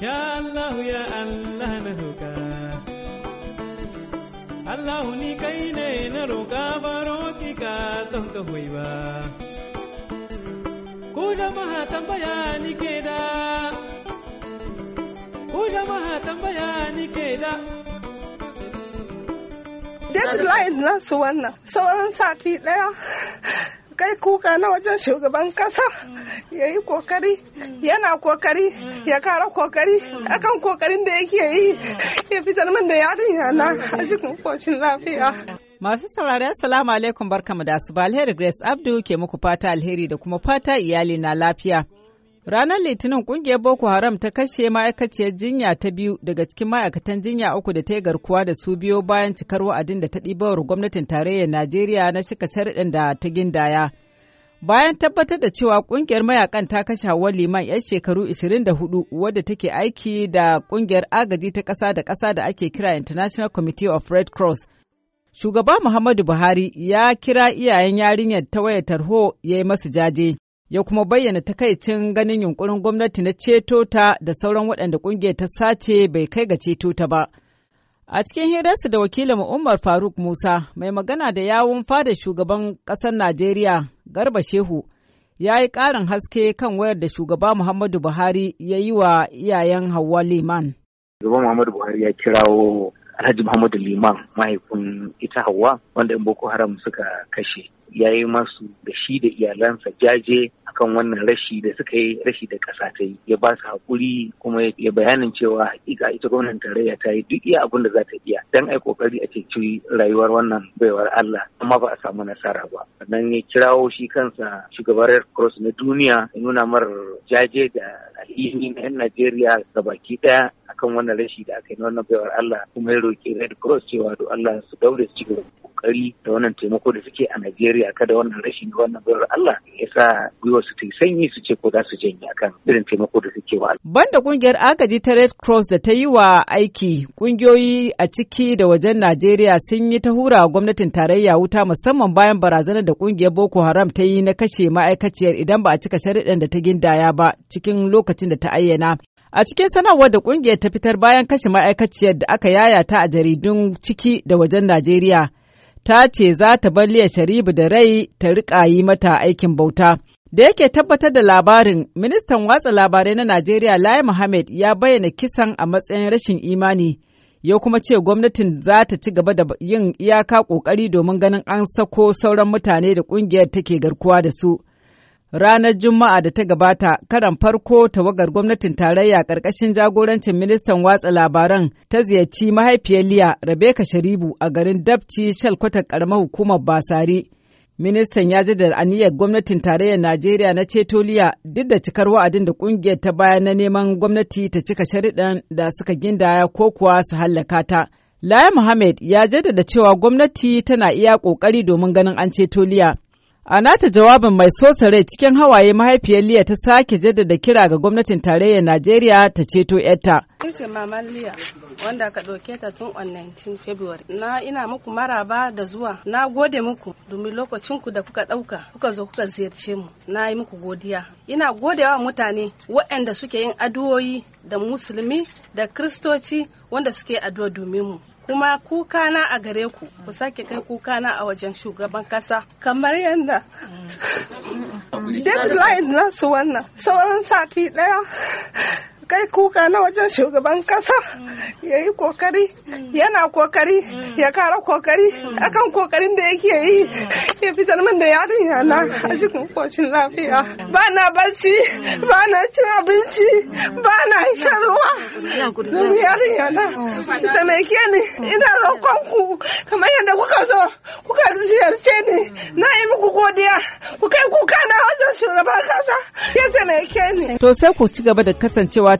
Ya Allah ya Allah na roƙa Allah ni kai ne na roƙa baro ki ka don ka hoyi ba Ku jama'a tambaya ni ke da Ku jama'a tambaya ni ke da David Lion nasu wannan sauran sati ɗaya kai kuka na wajen shugaban kasa mm. ya yi kokari mm. yana kokari mm. ya kara kokari akan kokarin da yake yi ya fitar min da yadin yana a cikin kocin lafiya Masu saurari Assalamu alaikum barkamu da asuba alheri Grace Abdu ke muku fata alheri da kuma fata iyali na lafiya. Ranar Litinin kungiyar Boko Haram ta kashe ma'aikaciyar jinya ta biyu daga cikin ma'aikatan jinya uku da ta yi garkuwa da su biyo bayan cikar wa'adin da ta ɗibawar gwamnatin tarayyar Najeriya na cika sharaɗin da ta gindaya. Bayan tabbatar da cewa kungiyar mayakan ta kashe hawa Liman 'yan shekaru 24 wadda take aiki da kungiyar agaji ta ƙasa da ƙasa da ake kira International Committee of Red Cross. Shugaba Muhammadu Buhari ya kira iyayen yarinyar ta wayar tarho ya yi masu jaje. ya kuma bayyana takaicin ganin yunkurin gwamnati na ceto ta da sauran waɗanda ƙungiyar ta sace bai kai ga ceto ta ba. A cikin hirarsa da wakilin Umar Faruk Musa mai magana da yawun fada shugaban ƙasar Najeriya Garba Shehu ya yi ƙarin haske kan wayar da shugaba Muhammadu Buhari ya yi wa iyayen Hauwa Liman. Shugaba Muhammadu Buhari ya kirawo Alhaji Muhammadu Liman mahaifin ita Hauwa wanda in Boko Haram suka kashe ya yi masu da shi da iyalansa jaje akan wannan rashi da suka yi rashi da ƙasa ta yi ya ba su haƙuri kuma ya bayanin cewa hakika ita gwamnatin tarayya ta yi duk iya abun da za ta iya dan ai kokari a ceci rayuwar wannan baiwar Allah amma ba a samu nasara ba sannan ya kirawo shi kansa shugaban Red Cross na duniya ya nuna mar jaje da alhini na 'yan Najeriya gabaki ɗaya akan wannan rashi da aka yi wannan baiwar Allah kuma ya roki Red Cross cewa do Allah su daure su cigaba kokari da wannan taimako da suke a Najeriya kada wannan rashi da wannan baiwar Allah ya sa gwiwar su ta sanyi su ce ko za su janye akan irin taimako da suke wa. Banda kungiyar agaji ta Red Cross da ta yi wa aiki kungiyoyi a ciki da wajen Najeriya sun yi ta hura gwamnatin tarayya wuta musamman bayan barazanar da kungiyar Boko Haram ta yi na kashe ma'aikaciyar idan ba a cika sharidan da ta gindaya ba cikin lokacin da ta ayyana. A cikin sanarwar da kungiyar ta fitar bayan kashe ma'aikaciyar da aka yayata a jaridun ciki da wajen Najeriya, ta ce za ta bar Liya Sharibu da rai ta riƙa yi mata aikin bauta. Da yake tabbatar da labarin, ministan watsa labarai na Najeriya Lai Muhammad ya bayyana kisan a matsayin rashin imani, ya kuma ce gwamnatin za ta ci gaba da yin iyaka ƙoƙari domin ganin an sako sauran mutane da ƙungiyar take garkuwa da su. ranar Juma'a da ta gabata karan farko tawagar gwamnatin tarayya ƙarƙashin jagorancin ministan watsa labaran ta ziyarci mahaifiyar Liya rabeka Sharibu a garin Dabci shalkwatar ƙaramar hukumar Basari. Ministan ya da aniyar gwamnatin tarayyar Najeriya na ceto Liya duk da cikar wa'adin da ƙungiyar ta baya na neman gwamnati ta cika sharuɗan da suka gindaya ko kuwa su hallaka ta. Laya Muhammad ya jaddada cewa gwamnati tana iya ƙoƙari domin ganin an ceto Liya. A nata jawabin mai sosa rai cikin hawaye mahaifiyar Liya ta sake jaddada kira ga gwamnatin tarayyar Najeriya ta ceto yarta. Ni ce Maman Liya wanda ka ɗauke ta tun on 19 February. Na ina muku maraba da zuwa. Na gode muku domin lokacin ku da kuka ɗauka kuka zo kuka ziyarce mu. Na yi muku godiya. Ina gode wa mutane waɗanda suke yin addu'o'i da musulmi da kiristoci wanda suke addu'a domin mu. kuma kuka na a gare ku ku sake kai kukana a wajen shugaban kasa kamar yadda mm. deadline nasu wannan sauran sati ɗaya. kai kuka na wajen shugaban kasa mm. ya yi kokari mm. yana kokari mm. ya kara kokari akan kokarin da yake yi ya fitar min da yarin yana a cikin kocin lafiya ba na barci ba na cin abinci ba na shan ruwa domin yarin yana ta mai ni ina rokonku kamar yadda kuka zo kuka ziyarce ni na yi muku godiya ku kai kuka na wajen shugaban kasa ya ta mai ni. to sai ku ci gaba da kasancewa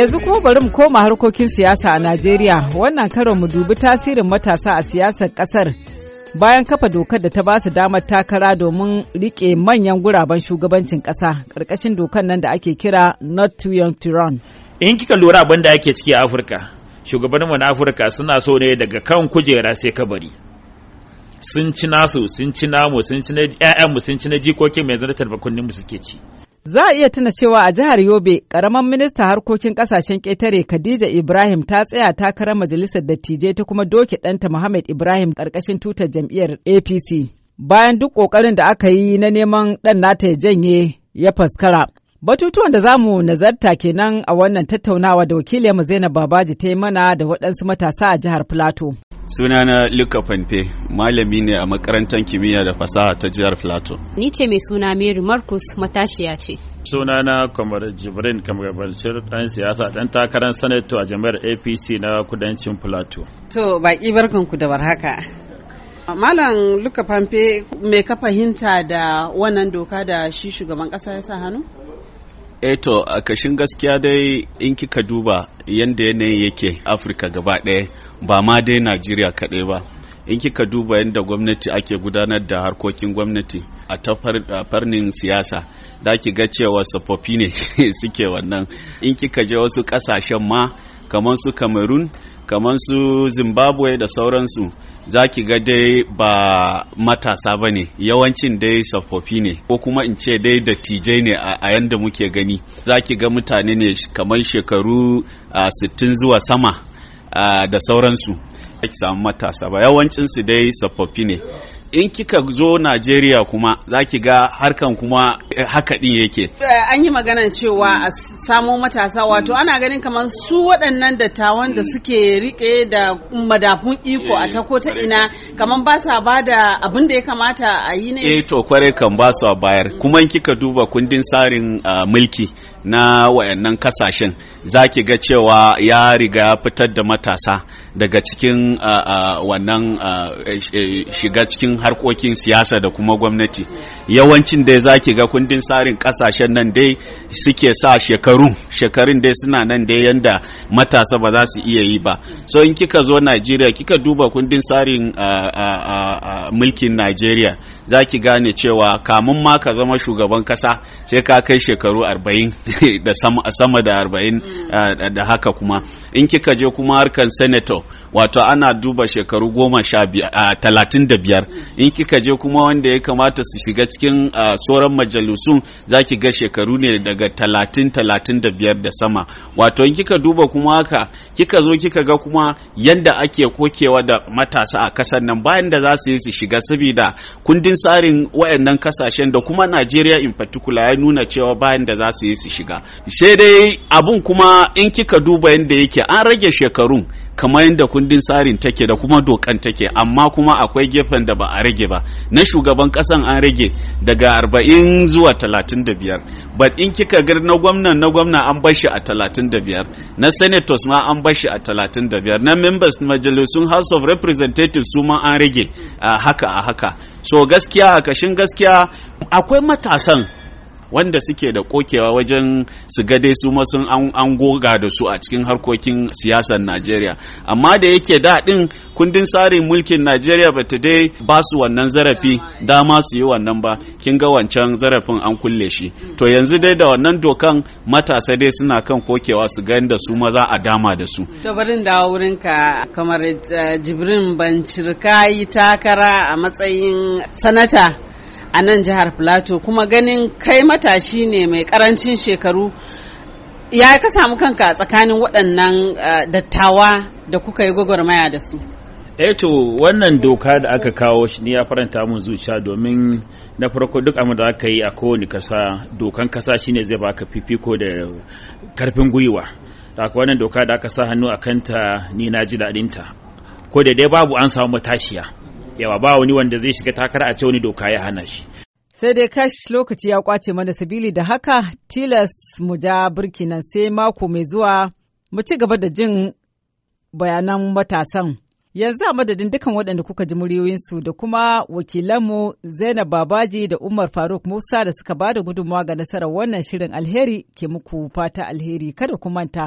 Yanzu kuma bari mu koma harkokin siyasa a Najeriya wannan karon mu dubi tasirin matasa a siyasar kasar bayan kafa dokar da ta ba su damar takara domin rike manyan guraben shugabancin kasa karkashin dokar nan da ake kira not too young to run. In kika lura abin da ake ciki a Afirka shugabanninmu na Afirka suna so ne daga kan kujera sai bari Sun ci nasu, sun ci namu, sun ci na mu sun ci na jikokin mai zanatar bakunninmu suke ci. Za a iya tuna cewa a jihar Yobe, ƙaramin minista harkokin ƙasashen ƙetare Khadija Ibrahim ta tsaya takarar majalisar dattijai ta kuma doke ɗanta Muhammad Ibrahim ƙarƙashin tutar jam'iyyar APC. Bayan duk ƙoƙarin da aka yi na neman ɗan nata ya janye ya faskara. Batutuwan da za mu nazarta kenan a wannan tattaunawa da wakiliyarmu Zainab Babaji ta yi mana da waɗansu matasa a jihar Filato. sunana Luka Fanfe malami ne a makarantar kimiyya da fasaha ta jihar Plateau. Ni ce mai suna Mary Marcus matashiya ce. sunana kamar jibrin kamar dan siyasa dan takarar sanato a jami'ar apc na kudancin plateau to barkanku da warhaka malam luka fanfe me ka fahimta da wannan doka da shi shugaban kasa ya sa hannu eto eh a kashin gaskiya dai in kika duba yadda yanayin yake afirka gaba ɗaya ba ma dai najeriya kaɗai ba in kika duba yadda gwamnati ake gudanar da harkokin gwamnati a ta farnin siyasa da ki ga cewa tsofaffi ne suke wannan in kika je wasu ƙasashen ma kamar su cameroon kamar su zimbabwe da sauransu za ki ga dai ba matasa ba ne yawancin dai tsofaffi ne ko kuma in ce dai dattijai ne a yanda muke gani za ki ga mutane ne kamar shekaru 60 zuwa sama da sauransu ake samu matasa ba yawancin su dai tsofaffi ne in kika zo Najeriya kuma za ki ga harkan kuma eh, haka din yake. Eh, an yi magana cewa a samo matasa wato ana ganin kamar su waɗannan dattawan da mm. suke riƙe da madafun iko a eh, ta ko ta ina kamar ba sa ba da abin da ya kamata a yi ne. Eh to kwarai kan ba su a bayar mm. kuma in kika duba kundin tsarin ah, mulki na wayannan kasashen za ki ga cewa ya riga ya fitar da matasa daga cikin uh, uh, wannan uh, eh, eh, shiga cikin harkokin siyasa da kuma gwamnati yawancin dai za ki ga kundin tsarin kasashen nan dai suke sa shekaru shekarun dai suna nan dai yanda matasa ba za su iya yi ba so in kika zo najeriya kika duba kundin tsarin mulkin najeriya za ki gane cewa kamun ma ka zama shugaban kasa sai ka kai shekaru 40 da sama da 40 da haka kuma in kika je kuma harkan senator wato ana duba shekaru goma sha talatin da biyar in kika je kuma wanda ya kamata su shiga cikin sauran majalisun za ki ga shekaru ne daga talatin talatin da biyar da sama wato in kika duba kuma haka kika zo kika ga kuma yanda ake kokewa da matasa a kasar nan bayan da za su yi su shiga saboda kundin tsarin wayannan kasashen da kuma najeriya in particular ya nuna cewa bayan da za su yi su shiga sai dai abun kuma in kika duba yadda yake an rage shekarun kamar yadda kundin tsarin take da kuma dokan take amma kuma akwai gefen da ba a rage ba na shugaban kasan an rage daga arba'in zuwa 35 but in kika ga na gwamnan na gwamna an bashi a 35 na senators ma an bashi a biyar na members majalisun house of representatives su ma an rage a haka a haka so gaskiya a kashin gaskiya akwai matasan wanda suke da kokewa wajen su ga dai su ma sun an goga da su a cikin harkokin siyasar Najeriya amma da yake da din kundin tsarin mulkin Najeriya bata dai ba su wannan zarafi dama su yi wannan ba kin ga wancan zarafin an kulle shi to yanzu dai da wannan dokan matasa dai suna kan kokewa su ga da su maza a dama da su to barin dawo wurinka kamar eh, Jibrin Bancirka yi takara a matsayin sanata a nan jihar plateau kuma ganin kai matashi ne mai karancin shekaru ya ka samu kanka a tsakanin waɗannan eh, dattawa da kuka yi gwagwarmaya da su eto eh wannan doka da aka kawo shi ne ya faranta mun zuciya domin na farko duk abin da aka yi a kowane kasa dokan kasa shine zai baka fifiko da karfin gwiwa da wannan doka da aka sa hannu a kanta ni na ji daɗinta ko da dai babu an samu matashiya yawa ba wani wanda zai shiga takara a ce wani doka ya hana shi sai dai kash lokaci ya kwace mana sabili da haka tilas mu ja birki nan sai mako mai zuwa mu ci gaba da jin bayanan matasan yanzu a madadin dukan waɗanda kuka ji muryoyinsu da kuma wakilanmu zainab babaji da umar faruk musa da suka ba da gudunmawa ga nasarar wannan shirin alheri ke muku fata alheri kada ku manta